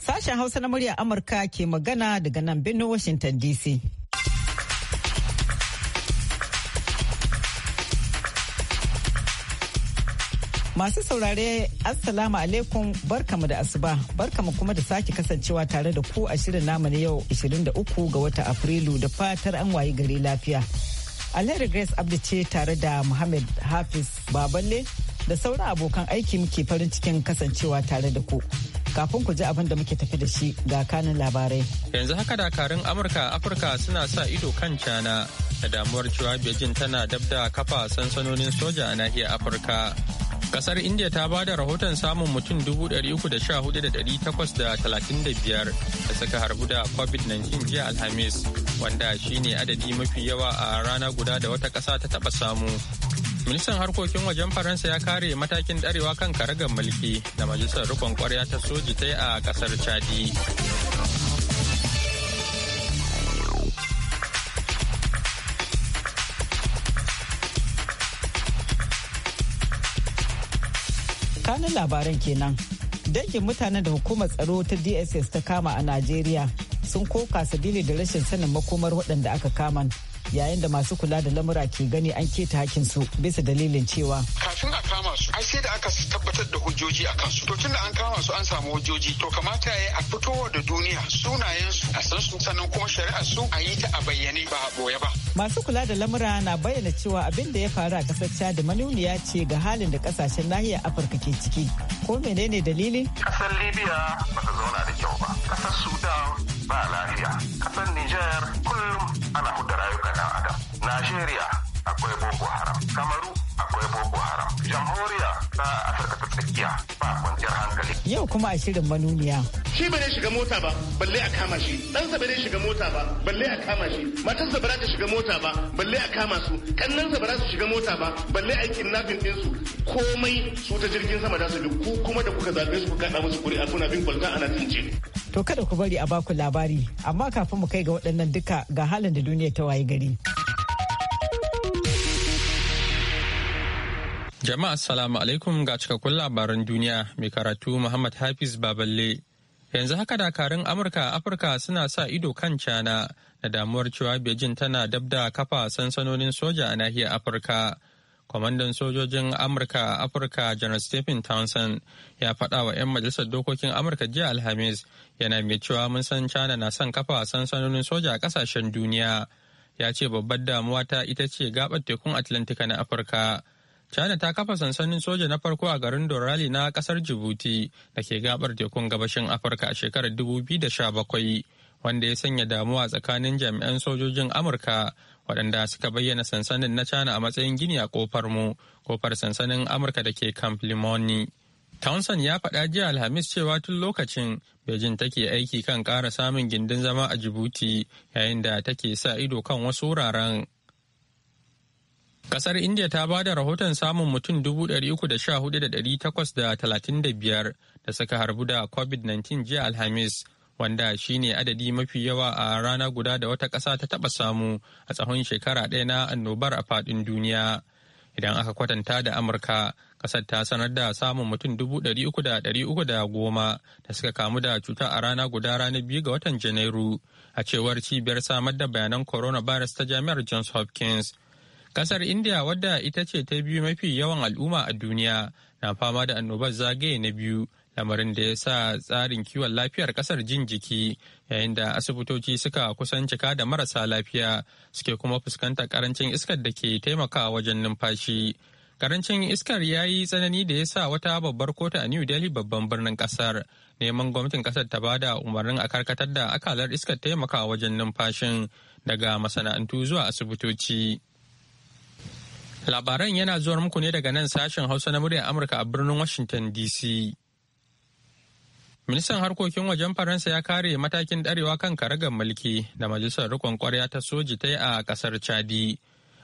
Sashen Hausa na murya Amurka ke magana daga nan birnin Washington DC. Masu saurare Assalamu alaikum barkamu da asuba barkamu kuma da sake kasancewa tare da ku a shirin namu na yau 23 ga wata Afrilu da fatar an wayi gari lafiya. alheri grace abdu ce tare da muhammad hafiz baballe da sauran abokan aiki muke farin cikin kasancewa tare da ku kafin ku ji abin da muke tafi da shi ga kanin labarai yanzu haka dakarun amurka afirka suna sa ido kan cana da damuwar cewa beijing tana dabda kafa sansanonin soja a nahiyar afirka Kasar India ta ba da rahoton samun mutum 314,835 da suka harbu da COVID-19 jiya Alhamis, wanda shine adadi mafi yawa a rana guda da wata kasa ta taba samu. Ministan harkokin wajen Faransa ya kare matakin darewa kan karagar mulki da majalisar rukun kwarya ta soji ta a kasar Chadi. kanin labaran kenan dangin mutanen da hukumar tsaro ta dss ta kama a najeriya sun koka sabili da rashin sanin makomar waɗanda aka kama yayin da masu kula da lamura ke gani an keta hakin su bisa dalilin cewa kafin a kama su ai sai da aka tabbatar da hujjoji a kansu to tunda an kama su an samu hujjoji to kamata ya a fitowa da duniya sunayensu a san sun sanin kuma shari'ar su a yi ta a bayyane ba a boye ba masu kula da lamura na bayyana cewa abin da ya faru a kasar chad manuniya ce ga halin da kasashen nahiyar afirka ke ciki ko menene dalili kasar libya ba ta zauna da kyau ba kasar sudan ba lafiya kasar niger kullum ana huda rayuka na adam nigeria akwai boko haram kamaru akwai haram jamhuriya ta afirka tsakiya ba kwanciyar hankali yau kuma a shirin manuniya shi bai shiga mota ba balle a kama shi ɗansa bai shiga mota ba balle a kama shi matarsa ba za ta shiga mota ba balle a kama su sa ba za su shiga mota ba balle a yi kidnapping ɗinsu komai su ta jirgin sama da su bi ko kuma da kuka zaɓe su ku kaɗa musu kuri'a kuna bin kwalta ana tunce. to kada ku bari a baku labari amma kafin mu kai ga waɗannan duka ga halin da duniya ta waye gari. Jama'a Assalamu alaikum ga cikakkun labaran duniya mai karatu Muhammad Hafiz Baballe. Yanzu haka dakarun Amurka a Afirka suna sa ido kan cana da damuwar cewa Beijing tana dabda da kafa sansanonin soja a nahiyar Afirka. Kwamandan sojojin Amurka a Afirka General Stephen Townsend ya faɗa wa 'yan majalisar dokokin Amurka jiya Alhamis yana mai cewa mun san cana na son kafa sansanonin soja a ƙasashen duniya. Ya ce babbar damuwa ta ita ce gaɓar tekun Atlantika na Afirka. China ta kafa sansanin soja na farko a garin Dorali na kasar Djibouti da ke gabar tekun gabashin Afirka a shekarar 2017 wanda ya sanya damuwa tsakanin jami'an sojojin Amurka waɗanda suka bayyana sansanin na China a matsayin gini a kofar mu kofar sansanin Amurka da ke Camp Limoni. Townsend ya faɗa jiya Alhamis cewa tun lokacin Beijing take aiki kan kara samun gindin zama a Djibouti yayin da take sa ido kan wasu wuraren. Kasar India ta ba da rahoton samun mutum 314,835 da suka harbu da COVID-19 jiya Alhamis, wanda shine adadi mafi yawa a rana guda da wata ƙasa ta taɓa samu a tsawon shekara ɗaya na annobar a faɗin duniya. Idan aka kwatanta da Amurka, ƙasar ta sanar da samun mutum 300,310 da suka kamu da cuta a rana guda ranar biyu ga watan Janairu, a cewar cibiyar samar da bayanan coronavirus ta Jami'ar Johns Hopkins. Kasar India wadda ita ce ta biyu mafi yawan al'umma a duniya na fama da annobar zagaye na biyu lamarin da ya sa tsarin kiwon lafiyar kasar jin jiki yayin da asibitoci suka kusan cika da marasa lafiya suke kuma fuskantar karancin iskar da ke taimaka wajen numfashi. Karancin iskar ya yi tsanani da ya sa wata babbar kota a New Delhi babban birnin kasar neman gwamnatin kasar ta bada umarnin a karkatar da akalar iskar taimaka wajen numfashin daga masana'antu zuwa asibitoci. Labaran yana zuwa muku ne daga nan sashen Hausa na muryar Amurka a birnin Washington DC. Ministan harkokin wajen Faransa ya kare matakin darewa kan karagar mulki da majalisar rikon kwarya ta soji ta yi a kasar Chadi.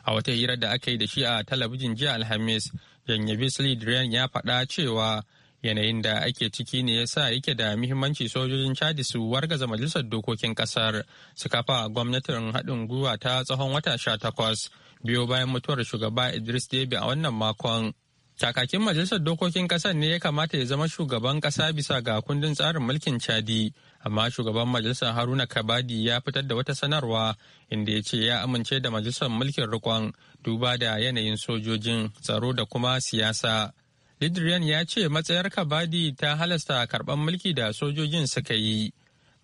A wata hira da aka yi da shi a talabijin jiya Alhamis, Janye Bisley ya faɗa cewa yanayin da ake ciki ne ya sa yake da muhimmanci sojojin Chadi su wargaza majalisar dokokin kasar su kafa gwamnatin haɗin gwiwa ta tsawon wata sha takwas. biyo bayan mutuwar shugaba Idris Deby a wannan makon. Kakakin Majalisar Dokokin Ƙasar ne ya kamata ya zama shugaban ƙasa bisa ga kundin tsarin mulkin Chadi, amma shugaban Majalisar Haruna Kabadi ya fitar da wata sanarwa inda ya ce ya amince da Majalisar Mulkin Rikon duba da yanayin sojojin tsaro da kuma siyasa. Lidrian ya ce matsayar Kabadi ta halasta karɓar mulki da sojojin suka yi,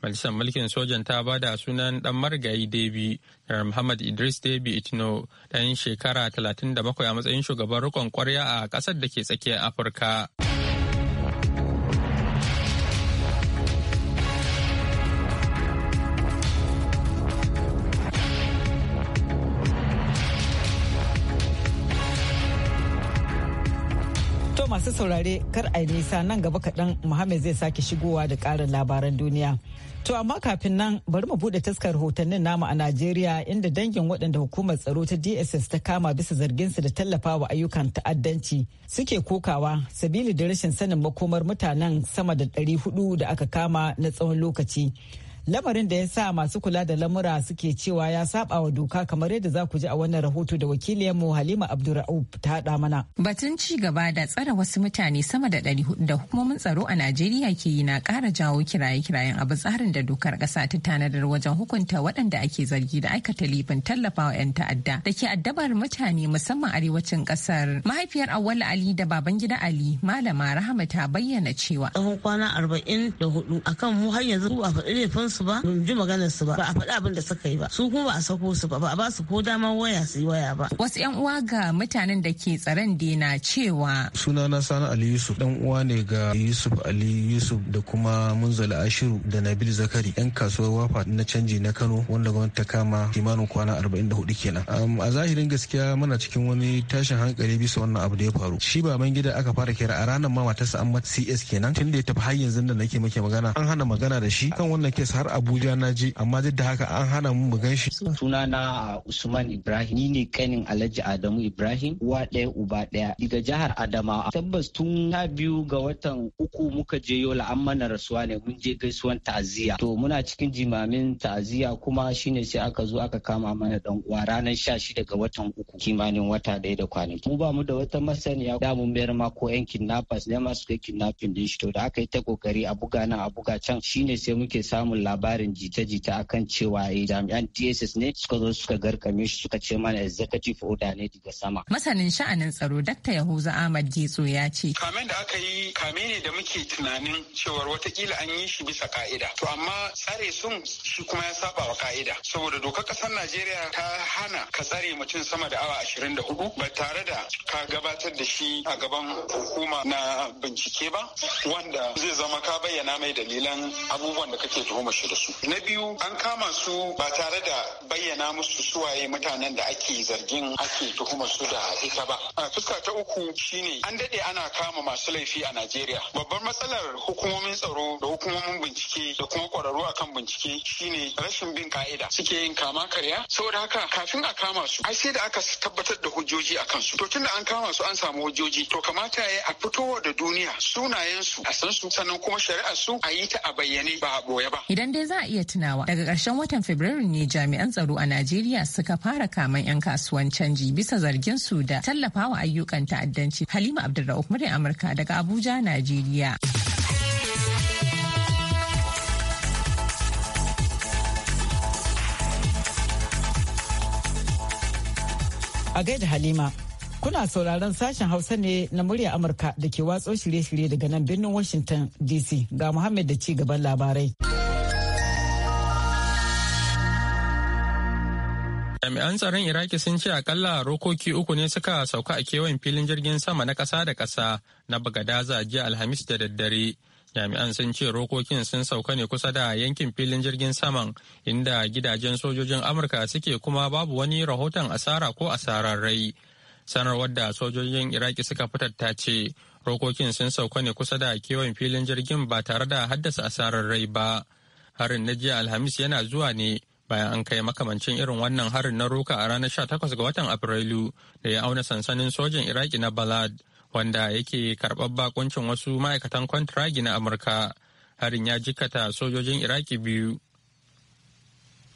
Majalisar mulkin sojan ta ba da sunan ɗan marigayi Debi da Muhammad Idris Debi Itno ɗan shekara 37 a matsayin shugaban rikon kwarya a ƙasar da ke tsakiyar Afirka. masu saurare kar a nisa nan gaba kaɗan muhammed zai sake shigowa da ƙarin labaran duniya. To amma kafin nan bari mu buɗe taskar hotonnin namu a Najeriya inda dangin waɗanda hukumar tsaro ta DSS ta kama bisa zarginsu da tallafawa ayyukan ta'addanci suke kokawa sabili da rashin sanin makomar mutanen sama da ɗari huɗu da aka kama na tsawon lokaci. lamarin da ya sa masu kula da lamura suke cewa ya saba wa doka kamar yadda za ku ji a wannan rahoto da wakiliyarmu halima abdulra'uf ta haɗa mana batun ci gaba da tsare wasu mutane sama da ɗari da hukumomin tsaro a najeriya ke yi na ƙara jawo kiraye-kirayen abu tsarin da dokar ƙasa ta tanadar wajen hukunta waɗanda ake zargi da aikata lifin tallafawa 'yan ta'adda da ke addabar mutane musamman arewacin ƙasar mahaifiyar awwal ali da baban gida ali malama rahama ta bayyana cewa tsawon kwana arba'in da hudu akan mu har yanzu a faɗi laifin su ba ba ji maganar su ba ba a faɗi abin da suka yi ba su kuma ba a sako su ba ba a ba su ko damar waya su yi waya ba wasu yan uwa ga mutanen da ke tsaron dena cewa Suna na sani ali yusuf dan uwa ne ga yusuf ali yusuf da kuma munzala ashiru da nabil zakari yan kasuwar wafa na canji na kano wanda gwamnati ta kama kimanin kwana arba'in hudu kenan a zahirin gaskiya muna cikin wani tashin hankali bisa wannan abu da ya faru shi baban gida aka fara kira a ranar ma matarsa an mata cs kenan tun da ya tafi har yanzu da nake muke magana an hana magana da shi kan wannan kes har har abuja na je amma duk da haka an hana mu mu ganshi suna na usman ibrahim ni ne kanin alhaji adamu ibrahim uwa ɗaya uba ɗaya daga jihar adamawa tabbas tun na biyu ga watan uku muka je yola an mana rasuwa ne mun je gaisuwan ta'aziyya to muna cikin jimamin ta'aziyya kuma shine sai aka zo aka kama mana dan uwa ranar sha shida ga watan uku kimanin wata ɗaya da kwanaki mu ba mu da wata masaniya da mun mayar ma ko yan kidnappers ne masu kai kidnapping din shi to da aka yi ta kokari a buga nan a buga can shine sai muke samun labarin labarin jita-jita akan cewa eh, jami'an DSS ne suka zo suka garkame shi suka ce mana executive order ne daga sama. Masanin sha'anin tsaro dakta Yahuza Ahmad Getso ya ce. Kamen da aka yi kame ne da muke tunanin cewar watakila an yi shi bisa ka'ida. To amma tsare sun shi kuma ya saba wa ka'ida. Saboda dokar kasar Najeriya ta hana ka tsare mutum sama da awa ashirin da hudu ba tare da ka gabatar da shi a gaban hukuma na bincike ba wanda zai zama ka bayyana mai dalilan abubuwan da kake tuhuma shi da su na biyu an kama su ba tare da bayyana musu suwaye mutanen da ake zargin ake tuhumar su da ita ba fuska ta uku shine an dade ana kama masu laifi a Najeriya babbar matsalar hukumomin tsaro da hukumomin bincike da kuma kwararru akan bincike shine rashin bin ka'ida suke yin kama karya saboda haka kafin a kama su ai sai da aka tabbatar da hujjoji a kansu to tunda an kama su an samu hujjoji to kamata ya a fitowa da duniya sunayen su a san su sannan kuma shari'ar su a yi ta a bayyane ba a boye ba Idan dai za a iya tunawa daga ƙarshen watan Fabrairu ne jami'an tsaro a Najeriya suka fara kaman 'yan kasuwan canji bisa zargin su da tallafawa ayyukan ta'addanci. Halima Abdulra'uf muryar Amurka daga Abuja, Najeriya. A gaida Halima, kuna sauraron sashen Hausa ne na murya Amurka da ke watso shirye-shirye daga nan birnin Washington DC ga Muhammad da ci gaban labarai. Jami'an tsaron Iraki sun ce akalla rokoki uku ne suka sauka a kewayen filin jirgin sama na ƙasa da kasa na Bagadaza jiya Alhamis da daddare. Jami'an sun ce rokokin sun sauka ne kusa da yankin filin jirgin saman inda gidajen sojojin Amurka suke kuma babu wani rahoton asara ko asarar rai. Sanarwar da sojojin Iraki suka fitar ta ce rokokin sun sauka ne kusa da kewayen filin jirgin ba tare da haddasa asarar rai ba. Harin na jiya Alhamis yana zuwa ne bayan an kai makamancin irin wannan harin na roka a ranar 18 ga watan Afrilu da ya auna sansanin sojin Iraki na Balad wanda yake karɓar bakuncin wasu ma'aikatan kwantiragi na Amurka. Harin ya jikata sojojin Iraki biyu.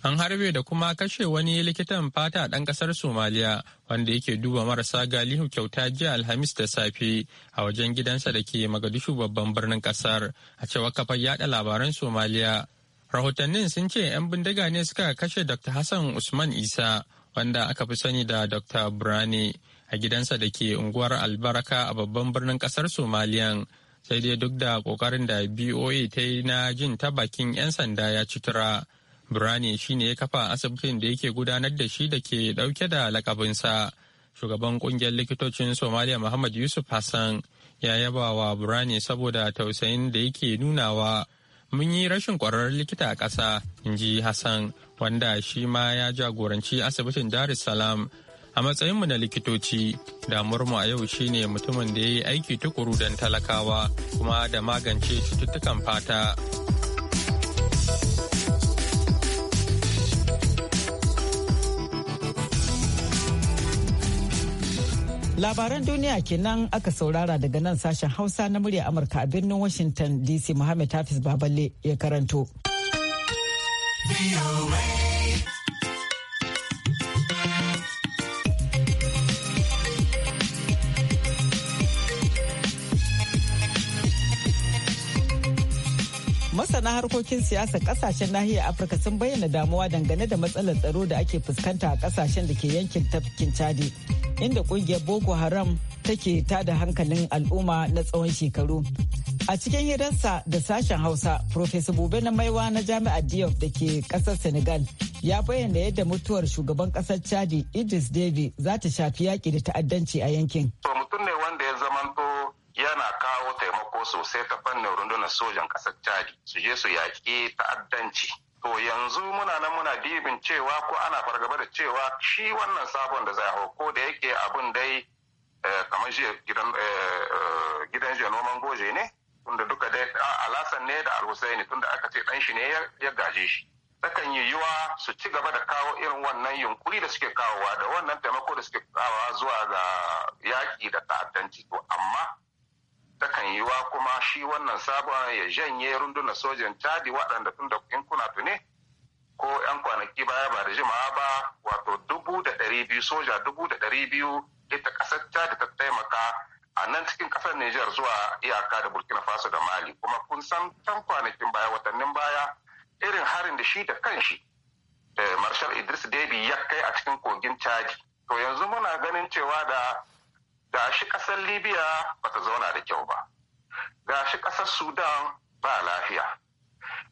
An harbe da kuma kashe wani likitan fata ɗan ƙasar Somaliya wanda yake duba marasa galihu kyauta jiya Alhamis da safe a wajen gidansa da ke Magadishu babban birnin ƙasar a cewar kafar yada labaran Somaliya. Rahotannin sun ce 'yan bindiga ne suka kashe Dr. Hassan Usman Isa wanda aka fi sani da Dr. burani a gidansa da ke unguwar Albaraka a babban birnin kasar somaliya Sai dai duk da kokarin da BOA ta yi na jin ta bakin 'yan sanda ya cutura. burani shi ne ya kafa asibitin da yake gudanar da shi da ke dauke da lakabinsa. Shugaban kungiyar likitocin Somaliya Muhammad Yusuf Hassan ya yaba wa burani saboda tausayin da yake nunawa mun yi rashin kwararren likita a ƙasa in ji hassan wanda shi ma ya jagoranci asibitin dar es salaam a matsayinmu na likitoci damuwarmu a yau shine mutumin da ya yi aiki tukuru don talakawa kuma da magance cututtukan fata Labaran duniya kenan aka saurara daga nan sashen Hausa na murya Amurka a birnin Washington DC Muhammad Hafiz Baballe ya karanto. masana harkokin siyasa kasashen nahiyar afirka sun bayyana damuwa dangane da matsalar tsaro da ake fuskanta a kasashen da ke yankin tafkin chadi inda kungiyar boko haram take da hankalin al'umma na tsawon shekaru a cikin hidansa da sashen hausa profesa bube na maiwa na jami'ar diop da ke kasar senegal ya bayyana yadda mutuwar shugaban kasar chadi idris devi za ta shafi yaki da ta'addanci a yankin to mutum ne wanda ya zamanto yana kawo taimako sosai ta fannin rundunar sojan kasar chadi su je su yaƙi ta'addanci to yanzu muna nan muna dibin cewa ko ana fargaba da cewa shi wannan sabon da zai hau ko da yake abin dai eh, kamar shi gidan jiya eh, eh, noman goje ne tunda duka dai alasan ne da alhusai ne tunda aka ce dan shi ne ya gaje shi takan yi yiwa su ci gaba da kawo irin wannan yunkuri da suke kawowa da wannan taimako da suke kawowa zuwa ga yaƙi da ta'addanci to amma takan yi yiwa kuma shi wannan sabon ya janye rundunar sojan cadi waɗanda tun da in kuna tune ko 'yan kwanaki baya ba da jimawa ba wato dubu da ɗari biyu soja dubu da ɗari biyu ita ƙasar cadi ta taimaka a nan cikin ƙasar Nijar zuwa iyaka da Burkina Faso da Mali kuma kun san can kwanakin baya watannin baya irin harin da shi da kan shi. Eh, Marshal Idris debi ya kai a cikin kogin cadi to yanzu muna ganin cewa da ga shi ƙasar libya ba ta zauna da kyau ba ga shi ƙasar sudan ba lafiya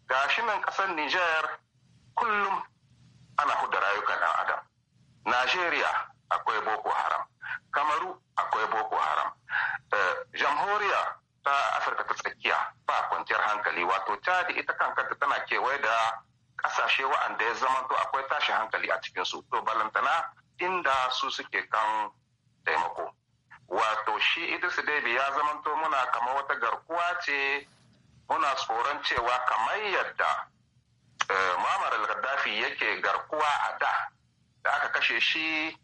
ga shi nan ƙasar niger kullum ana huda rayukan ɗan adam najeriya akwai boko haram kamaru akwai boko haram eh, jamhuriya ta afirka ta tsakiya ba kwanciyar hankali wato chadi ita kanka ta tana kewaye da ƙasashe wa'anda ya zama to akwai tashin hankali a cikinsu to balantana inda su suke kan taimako wato shi idris debi ya zamanto muna kama wata garkuwa ce muna tsoron cewa kamar yadda eh, mamar gaddafi yake garkuwa a da da aka kashe shi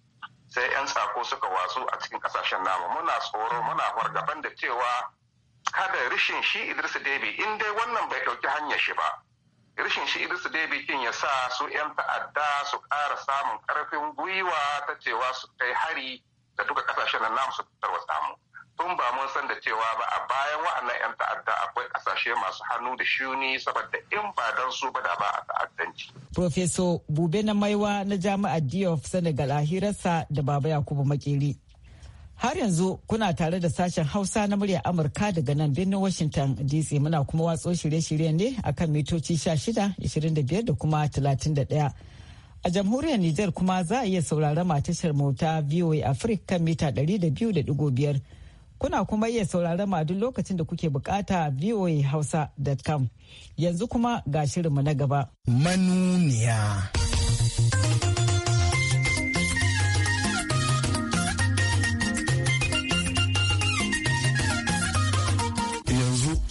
sai 'yan sako suka watsu a cikin kasashen namu muna tsoro muna fargaban da cewa kada rishin shi idris debi in dai wannan bai ɗauki hanyar shi ba rishin shi idris debi kin ya sa su 'yan ta'adda su ƙara samun ƙarfin gwiwa ta cewa su kai hari da duka kasashen nan namu su tarwatsa mu tun ba mun san da cewa ba a bayan wa'annan 'yan ta'adda akwai kasashe masu hannu da shuni saboda in ba dan su ba da ba a ta'addanci. Profeso Bube na Maiwa na Jami'ar Diof Senegal a hirarsa da Baba Yakubu Makeri. Har yanzu kuna tare da sashen Hausa na murya Amurka daga nan birnin Washington DC muna kuma watso shirye shirye ne akan mitoci 16, 25 da kuma 31. A jamhuriyar Nijar kuma za a iya saurara tashar mota VOA Africa mita 200.5. Kuna kuma iya saurara ma duk lokacin da kuke bukata voahausa.com. Yanzu kuma ga shirinmu na gaba. Manuniya.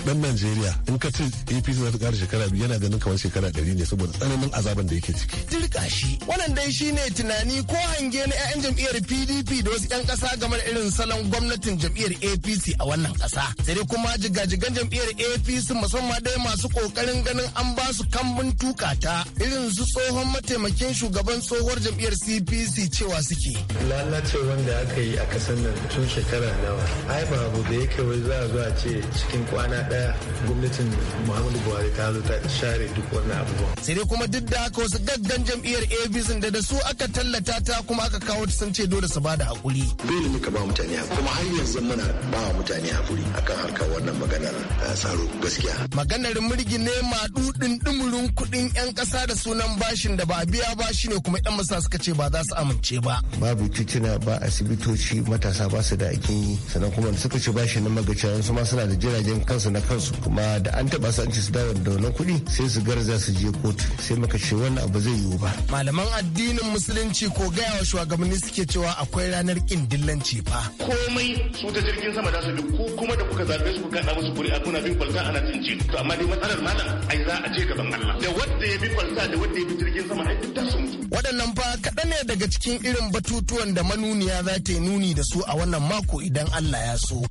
dan najeriya in ka ci apc za ta kara shekara biyu yana ganin kamar shekara ɗari ne saboda tsananin azaban da yake ciki turka shi wannan dai shine tunani ko hange na 'ya'yan jam'iyyar pdp da wasu 'yan ƙasa game da irin salon gwamnatin jam'iyyar apc a wannan ƙasa sai dai kuma jigajigan jam'iyyar apc musamman dai masu kokarin ganin an ba su kambun tuka ta irin su tsohon mataimakin shugaban tsohuwar jam'iyyar cpc cewa suke lalace wanda aka yi a kasan nan tun shekara nawa ai babu da yake wai za a zo a ce cikin kwana daya gwamnatin muhammadu buhari ta zo ta share duk wannan abubuwan sai dai kuma duk da haka wasu gaggan jam'iyyar abc da da su aka tallata ta kuma aka kawo ta sun ce dole su bada hakuri da muka ba mutane kuma har yanzu muna ba mutane hakuri akan harkar wannan maganar ah, tsaro gaskiya maganar murgi ne maɗuɗin dumurin kuɗin 'yan kasa da sunan bashin da ba a biya ba shine kuma 'yan masa suka ce ba za su amince ba babu titina ba asibitoci matasa ba su da aikin yi sannan kuma suka ci bashin na magaci su ma suna da jiragen kansu na kansu kuma da an taba su an ci su dawo da wannan kuɗi sai su garza su je kotu sai maka ce wannan abu zai yiwu ba malaman addinin musulunci ko gaya wa shugabanni suke cewa akwai ranar ƙin dillanci fa komai su ta jirgin sama da su duk ko kuma da kuka zaɓe su ku kaɗa musu kuri a kuna bin kwalta ana cin ci to amma dai matsalar malam ai za a ce gaban Allah da wanda ya bi kwalta da wanda ya bi jirgin sama ai duk su mutu waɗannan fa kaɗan ne daga cikin irin batutuwan da manuniya za ta yi nuni da su a wannan mako idan Allah ya so.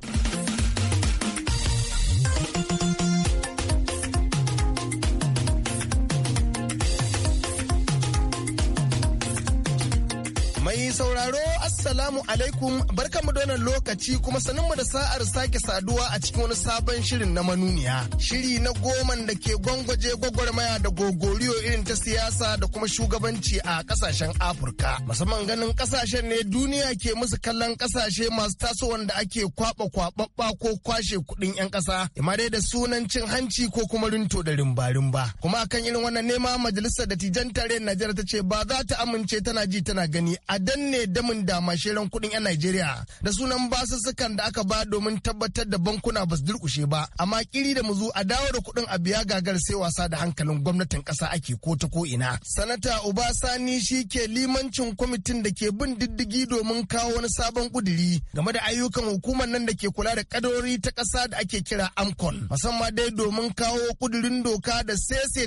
Assalamu alaikum barkanmu da wannan lokaci kuma saninmu da sa'ar sake saduwa a cikin wani sabon shirin na manuniya. Shiri na goman da ke gwangwaje gwagwarmaya da gogoriyo irin ta siyasa da kuma shugabanci a kasashen Afirka. Musamman ganin kasashen ne duniya ke musu kallon kasashe masu tasowar da ake kwaba kwababba ko kwashe kuɗin 'yan ƙasa. Ima dai da sunan cin hanci ko kuma rinto da rimba-rimba. Kuma akan irin wannan nema majalisar dattijan tare Najeriya ta ce ba za ta amince tana ji tana gani a danne damin dama kwasheren kuɗin 'yan Najeriya da sunan basussukan da aka ba domin tabbatar da bankuna ba su durkushe ba amma kiri da muzu a dawo da kuɗin a biya gagar sai wasa da hankalin gwamnatin kasa ake ko ta ko ina. Sanata sani shi ke limancin kwamitin da ke bin diddigi domin kawo wani sabon kuduri game da ayyukan hukumar nan da ke kula da kadarori ta kasa da ake kira Amcon musamman dai domin kawo kudurin doka da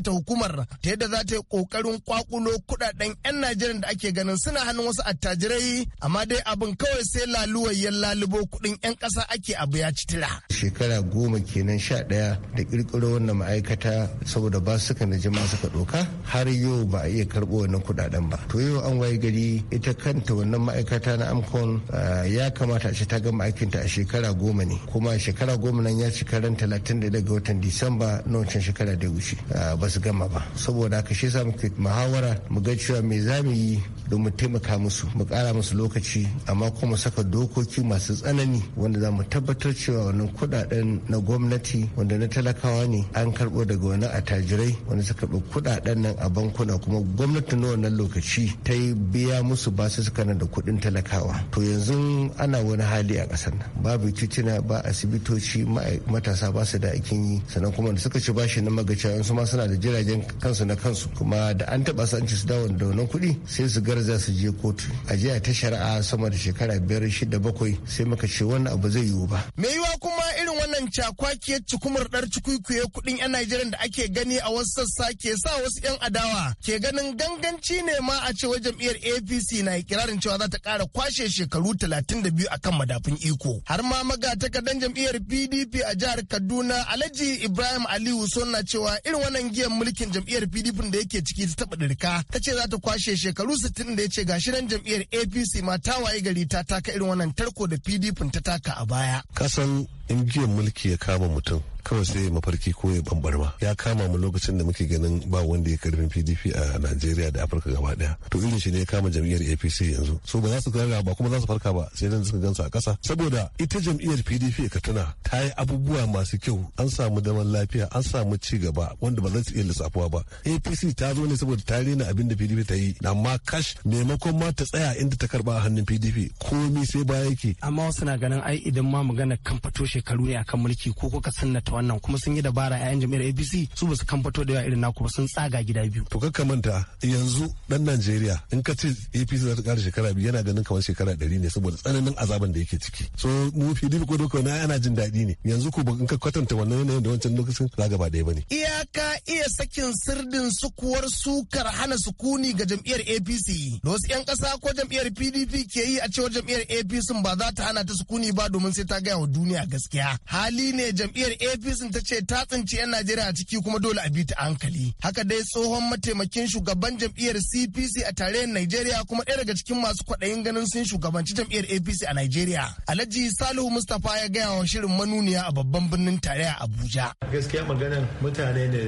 ta hukumar ta yadda za ta yi kokarin kwakulo kudaden 'yan Najeriya da ake ganin suna hannun wasu attajirai amma amma dai abin kawai sai laluwar yan lalubo kuɗin 'yan ƙasa ake abu ya citila shekara goma kenan sha ɗaya da ƙirƙiro wannan ma'aikata saboda ba suka na jima suka doka har yau ba a iya karɓo wannan kuɗaɗen ba to yau an waye gari ita kanta wannan ma'aikata na amcon ya kamata a ce ta gama aikinta a shekara goma ne kuma shekara goma nan ya cika ran talatin da daga watan disamba na wancan shekara da wuce ba su gama ba saboda haka shi sa muke muhawara mu ga cewa me za mu yi don mu taimaka musu mu kara musu lokaci amma kuma saka dokoki masu tsanani wanda za mu tabbatar cewa wannan kudaden na gwamnati wanda na talakawa ne an karbo daga wani attajirai wanda suka karbi kudaden nan a bankuna kuma gwamnati na wannan lokaci ta yi biya musu basu suka da kudin talakawa to yanzu ana wani hali a kasar nan babu titina ba asibitoci matasa ba su da aikin yi sannan kuma da suka ci bashi na magaci su ma suna da jiragen kansu na kansu kuma da an taba su an ci su dawo da wannan kuɗi sai su garza su je kotu a jiya ta shari'a sama da shekara biyar shida bakwai sai muka ce wannan abu zai yiwu ba. Me yiwa kuma irin wannan cakwakiyar cikumar ɗar cikuikuye kuɗin 'yan Najeriya da ake gani a wasu sassa ke sa wasu 'yan adawa ke ganin ganganci ne ma a cewa jam'iyyar APC na ikirarin cewa za ta ƙara kwashe shekaru talatin da 32 akan madafin iko. Har ma magatakardan jam'iyyar PDP a jihar Kaduna Alhaji Ibrahim Aliyu suna cewa irin wannan giyan mulkin jam'iyyar PDP da yake ciki ta taɓa ɗirka ta ce za ta kwashe shekaru 60 da ya ce gashi nan jam'iyyar APC ma amma ta waye gari ta taka irin wannan tarko da pdp ta taka a baya kasan in giya mulki ya kama mutum kawai sai mafarki ko ya bambarma ya kama mu lokacin da muke ganin ba wanda ya karfin pdp a najeriya da afirka gaba daya to irin shi ne ya kama jam'iyyar apc yanzu so ba za su karga ba kuma za su farka ba sai dan suka gansu a kasa saboda ita jam'iyyar pdp ka tuna ta yi abubuwa masu kyau an samu zaman lafiya an samu ci gaba wanda ba za su iya lissafuwa ba apc ta zo ne saboda ta rena abin da pdp ta yi amma kash maimakon ma ta tsaya inda ta karba a hannun pdp komi sai baya yake amma wasu na ganin ai idan ma magana kan fito shekaru ne akan mulki ko kuka sanna wannan kuma sun yi dabara a 'ya'yan jam'iyyar apc su ba su kan fito da yawa irin naku ba sun tsaga gida biyu to kaka manta yanzu dan najeriya in ka ce apc za ta kara shekara biyu yana ganin kamar shekara ɗari ne saboda tsananin azaban da yake ciki so mu fi dubi ko doka na ana jin daɗi ne yanzu ko in ka kwatanta wannan yanayin da wancan lokacin za gaba ɗaya ba ne iyaka iya sakin sirdin sukuwar sukar hana sukuni ga jam'iyyar apc da wasu 'yan ƙasa ko jam'iyyar pdp ke yi a cewar jam'iyyar apc ba za ta hana ta sukuni ba domin sai ta gaya wa duniya gaskiya hali ne jam'iyyar apc ofisin ta ce ta tsinci 'yan Najeriya a ciki kuma dole a bi ta hankali. Haka dai tsohon mataimakin shugaban jam'iyyar CPC a tarayyar Najeriya kuma ɗaya daga cikin masu kwaɗayin ganin sun shugabanci jam'iyyar APC a Najeriya. Alhaji Salihu Mustapha ya gaya wa shirin manuniya a babban birnin tarayya Abuja. Gaskiya maganan mutane ne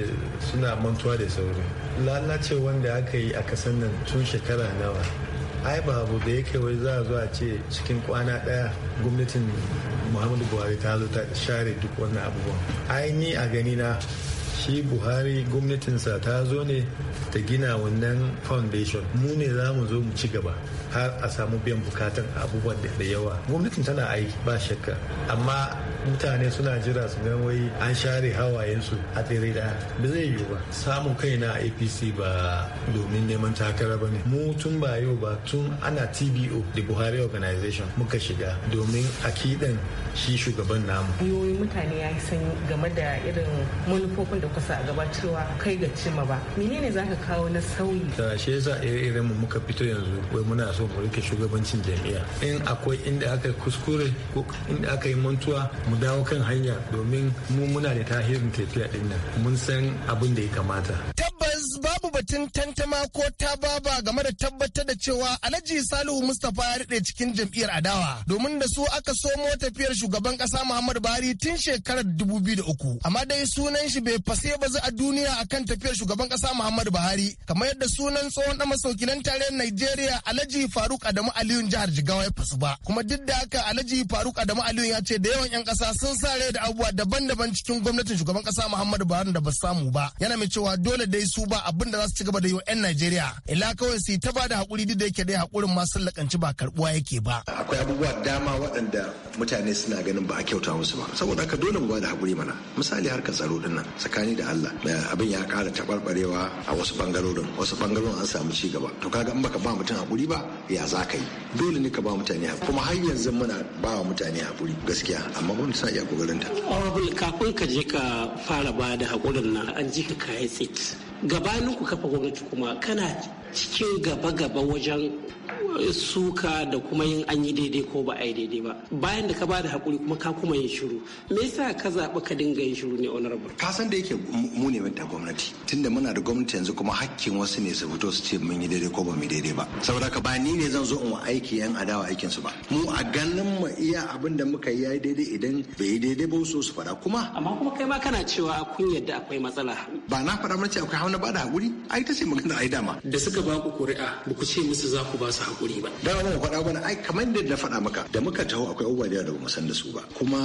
suna mantuwa da sauri. Lalace wanda aka yi a kasan nan tun shekara nawa. ai ba abu da yake wai za a zo a ce cikin kwana daya gwamnatin muhammadu buhari ta zo ta share duk wannan abubuwan ai ni a gani na shi buhari gwamnatinsa ta zo ne ta gina wannan foundation mu ne za mu zo mu ci gaba har a samu biyan bukatan abubuwan da yawa gwamnatin tana aiki ba shakka amma mutane suna jira su ga wai an share hawayensu a tsere da ba zai yiwu ba samun kai na apc ba domin neman takara ba ne mu tun ba yau ba tun ana tbo da buhari organization muka shiga domin akidan shi shugaban namu hanyoyin mutane ya yi sanyi game da irin manufofin da kusa a gaba kai ga cima ba menene zaka kawo na sauyi da shi yasa ire-iren mu muka fito yanzu wai muna so mu rike shugabancin jami'a in akwai inda aka kuskure ko inda aka yi mantuwa mu dawo kan hanya domin mu muna da tahirin tafiya din nan mun san abin da ya kamata batun tantama ko ta baba game da tabbatar da cewa Alhaji Salihu Mustapha ya rike cikin jam'iyyar adawa domin da su aka somo tafiyar shugaban kasa Muhammadu Buhari tun shekarar 2003 amma dai sunan shi bai fase bazu a duniya akan tafiyar shugaban kasa Muhammadu Buhari kamar yadda sunan tsohon ɗan masaukinan tarayyar Najeriya Alhaji Faruk Adamu Aliyu jihar Jigawa ya fasu ba kuma duk da haka Alhaji Faruk Adamu Aliyu ya ce da yawan 'yan kasa sun sa rai da abubuwa daban-daban cikin gwamnatin shugaban kasa Muhammadu Buhari da ba samu ba yana mai cewa dole dai su ba abin da za su ci gaba da yi wa 'yan Najeriya ila kawai su ta bada haƙuri duk da yake dai haƙurin ma sun lakanci ba karbuwa yake ba. Akwai abubuwa dama waɗanda mutane suna ganin ba a kyauta musu ba saboda haka dole mu bada hakuri mana misali harkar tsaro din nan tsakani da Allah eh, abin ya ƙara taɓarɓarewa a wasu bangarorin wasu bangarorin an samu ci gaba to kaga in baka ba mutum hakuri ba ya za ka yi dole ne ka ba mutane haƙuri kuma har yanzu muna ba wa mutane hakuri gaskiya amma gwamnati suna iya kokarin ta. kafin ka je ka fara ba da hakurin nan an ji ka kayi tsit gabanin ku kafa gwamnati kuma kana cikin gaba-gaba wajen eh, suka da kuma yin an yi daidai ko ba a yi daidai ba bayan da ka ba da hakuri kuma ka kuma yin shiru me yasa ka zaɓi ka dinga yin shiru ne honorable ka san da yake mu ne da gwamnati tunda muna da gwamnati yanzu kuma hakkin wasu ne su fito su ce mun yi daidai ko ba mu daidai ba saboda ka ba ni ne zan zo in wa aiki yan adawa aikin su ba mu a ganin mu iya abin da muka yi yayi daidai idan bai yi daidai ba so su fada kuma amma kuma kai ma kana cewa kun yadda akwai matsala ba na faɗa mace akwai hauna ba da hakuri ai ta ce magana ai dama da suka suka ba ku kuri'a ba ku ce musu za ku ba su hakuri ba. Da ba faɗa bana ai kamar da na faɗa maka da muka taho akwai abubuwa da yawa mu san da su ba kuma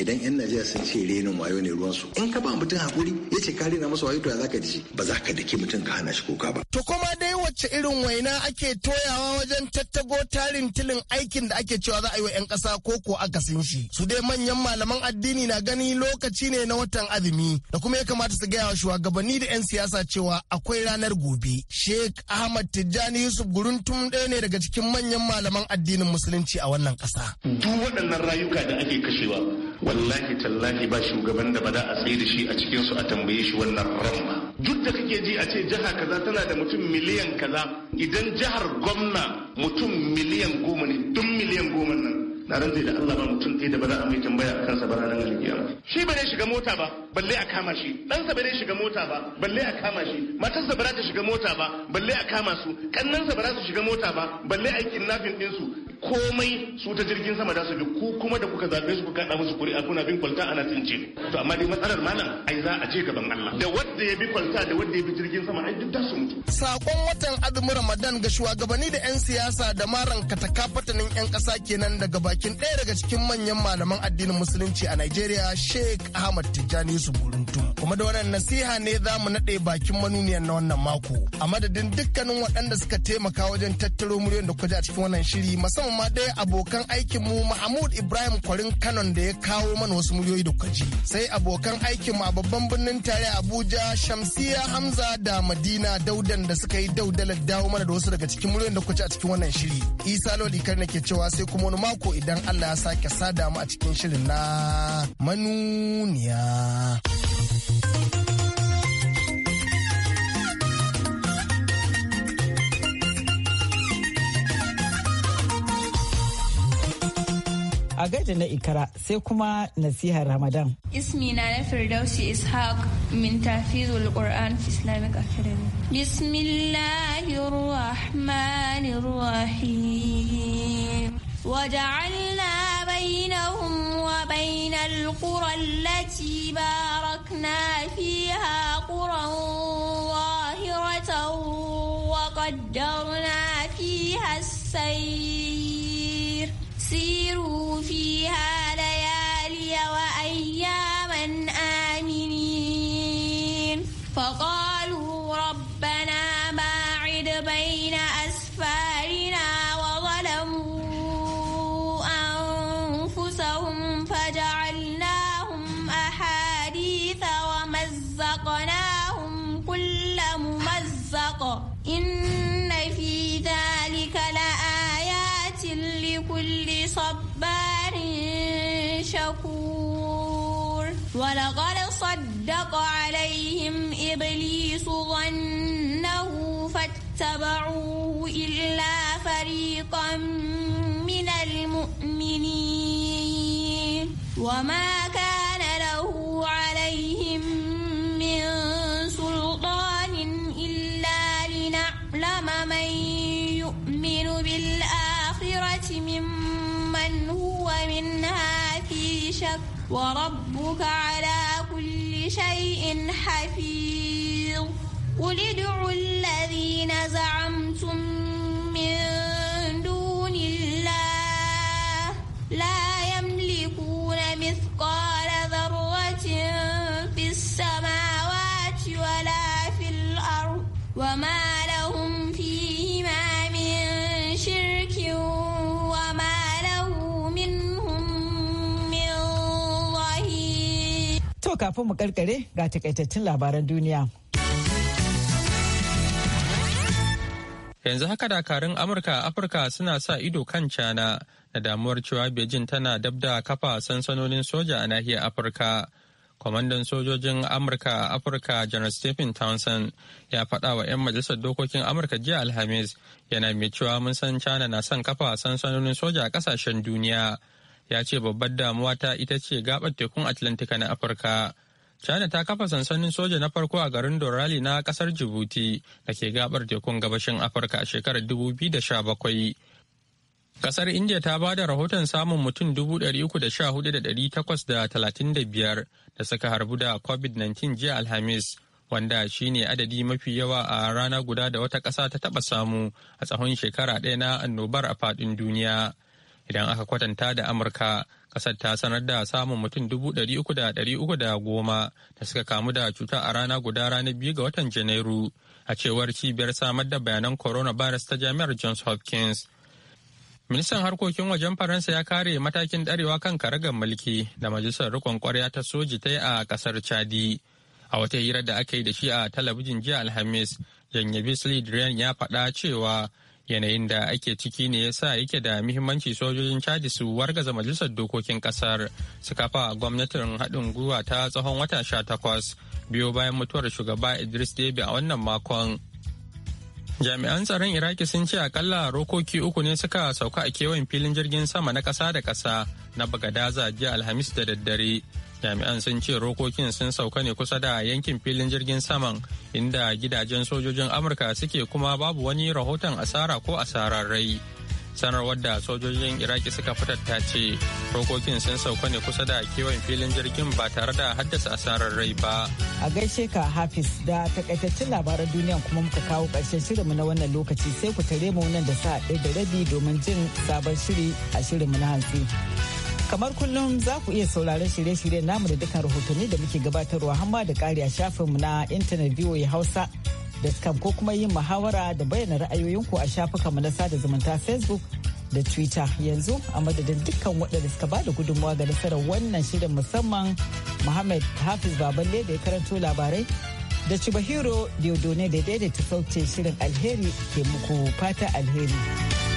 idan 'yan Najeriya sun ce renin wayo ne ruwan in ka ba mutum hakuri ya ce ka rena masa wayo to ya zaka ji ba za ka daki mutum ka hana shi kuka ba. To kuma dai wacce irin waina ake toyawa wajen tattago tarin tilin aikin da ake cewa za a yi wa 'yan ƙasa ko ko akasin shi. Su dai manyan malaman addini na gani lokaci ne na watan azumi da kuma ya kamata su gaya wa shugabanni da 'yan siyasa cewa akwai ranar gobe. Sheikh Ahmad Tijjani Yusuf Guruntum ɗaya ne daga cikin manyan malaman addinin musulunci a wannan ƙasa. Duk waɗannan rayuka da ake kashewa wallahi tallahi ba shugaban da ba da a tsaye da shi a cikin su a tambaye shi wannan ramma. Duk da kake ji a ce jiha kaza tana da mutum miliyan kaza idan jihar gwamna mutum miliyan goma ne duk miliyan goma nan na rantse da Allah ba mutum ɗaya da ba za a mai tambaya a kansa ba ranar shi ba zai shiga mota ba balle a kama shi ɗansa ba zai shiga mota ba balle a kama shi matarsa ba za ta shiga mota ba balle a kama su kannansa ba za su shiga mota ba balle a yi kidnapping ɗinsu komai su ta jirgin sama da su bi ku kuma da kuka zaɓe su kuka musu kuri'a kuna bin kwalta ana tsinci to amma dai matsalar malam ai za a je gaban Allah da wanda ya bi kwalta da wanda ya bi jirgin sama ai duk da su mutu sakon watan azumin Ramadan ga shugabanni da 'yan siyasa da maran fatanin 'yan ƙasa kenan daga bakin ɗaya daga cikin manyan malaman addinin musulunci a nigeria Sheikh Ahmad Tijjani Suburuntum kuma da wannan nasiha ne za mu naɗe bakin manuniyan na wannan mako a madadin dukkanin waɗanda suka taimaka wajen tattaro muryoyin da kuka a cikin wannan shiri masan musamman ma abokan aikin mu Mahmud Ibrahim Kwarin Kanon da ya kawo mana wasu muryoyi da kwaji. Sai abokan aikin mu a babban birnin tare Abuja Shamsiya Hamza da Madina Daudan da suka yi daudalar dawo mana da wasu daga cikin muryoyin da kwaci a cikin wannan shiri. Isa Lodi kar ke cewa sai kuma wani mako idan Allah ya sake sada mu a cikin shirin na manuniya. a gaida na ikara sai kuma nasihar ramadan ismina na firdausi ishaq min tafizul qur'an islamic academy bismillahir rahmanir rahim وجعلنا بينهم وبين القرى التي باركنا فيها قرى ظاهرة وقدرنا فيها السير سير وما كان له عليهم من سلطان إلا لنعلم من يؤمن بالآخرة ممن هو منها في شك وربك على كل شيء حفيظ قل ادعوا الذين زعمتم من To kafin mu karkare ga takaitattun labaran duniya. Yanzu haka dakarun Amurka a Afirka suna sa ido kan cana da damuwar cewa Beijing tana dab da kafa sansanonin soja a nahiyar Afirka. Kwamandan sojojin Amurka a Afirka General Stephen Townsend ya faɗa wa 'yan majalisar dokokin Amurka jiya Alhamis yana mai cewa mun san cana na son kafa sansanonin soja a ƙasashen duniya. ya ce babbar damuwa ta ita ce gabar tekun atlantika na afirka china ta kafa sansanin soja na farko a garin dorali na kasar jibuti da ke gabar tekun gabashin afirka a shekarar 2017 kasar india ta ba da rahoton samun mutum 314,835 da suka harbu da covid-19 jiya alhamis wanda shine adadi mafi yawa a rana guda da wata ƙasa ta taɓa samu a tsawon shekara ɗaya na annobar a faɗin duniya. idan aka kwatanta da amurka kasar ta sanar da samun mutum dubu ɗari uku da ɗari uku da goma da suka kamu da cuta a rana guda ranar biyu ga watan janairu a cewar cibiyar samar da bayanan corona virus ta jami'ar johns hopkins ministan harkokin wajen faransa ya kare matakin darewa kan karagar mulki da majalisar rikon kwarya ta soji ta yi a kasar chadi a wata hirar da aka yi da shi a talabijin jiya alhamis janye bisley ya faɗa cewa yanayin da ake ciki ne ya sa yake da muhimmanci sojojin caji su wargaza majalisar dokokin kasar su kafa gwamnatin haɗin gwiwa ta tsawon wata sha takwas biyo bayan mutuwar shugaba idris debi a wannan makon jami'an tsaron iraki sun ce akalla rokoki uku ne suka sauka a kewayen filin jirgin sama na ƙasa da ƙasa na bagadaza jiya alhamis da daddare jami'an sun ce rokokin sun sauka ne kusa da yankin filin jirgin saman inda gidajen sojojin amurka suke kuma babu wani rahoton asara ko asarar rai sanarwar da sojojin iraki suka fitar ta ce rokokin sun sauka ne kusa da kewayen filin jirgin ba tare da haddasa asarar rai ba a gaishe ka hafiz da takaitaccen labaran duniya kuma muka kawo karshen shirinmu na wannan lokaci sai ku tare mu nan da sa'a ɗaya da rabi domin jin sabon shiri a shirinmu na hantsi kamar kullum za ku iya sauraron shirye-shiryen namu da dukkan rahotanni da muke gabatarwa hamma da kari a shafinmu na intanet voa hausa da scam ko kuma yin muhawara da bayyana ra'ayoyinku a shafukan mu na sada zumunta facebook da twitter yanzu a madadin dukkan waɗanda suka ba da gudunmawa ga nasarar wannan shirin musamman muhammad hafiz baballe da ya karanto labarai da cibahiro diodone da daidaita sautin shirin alheri ke muku fata alheri.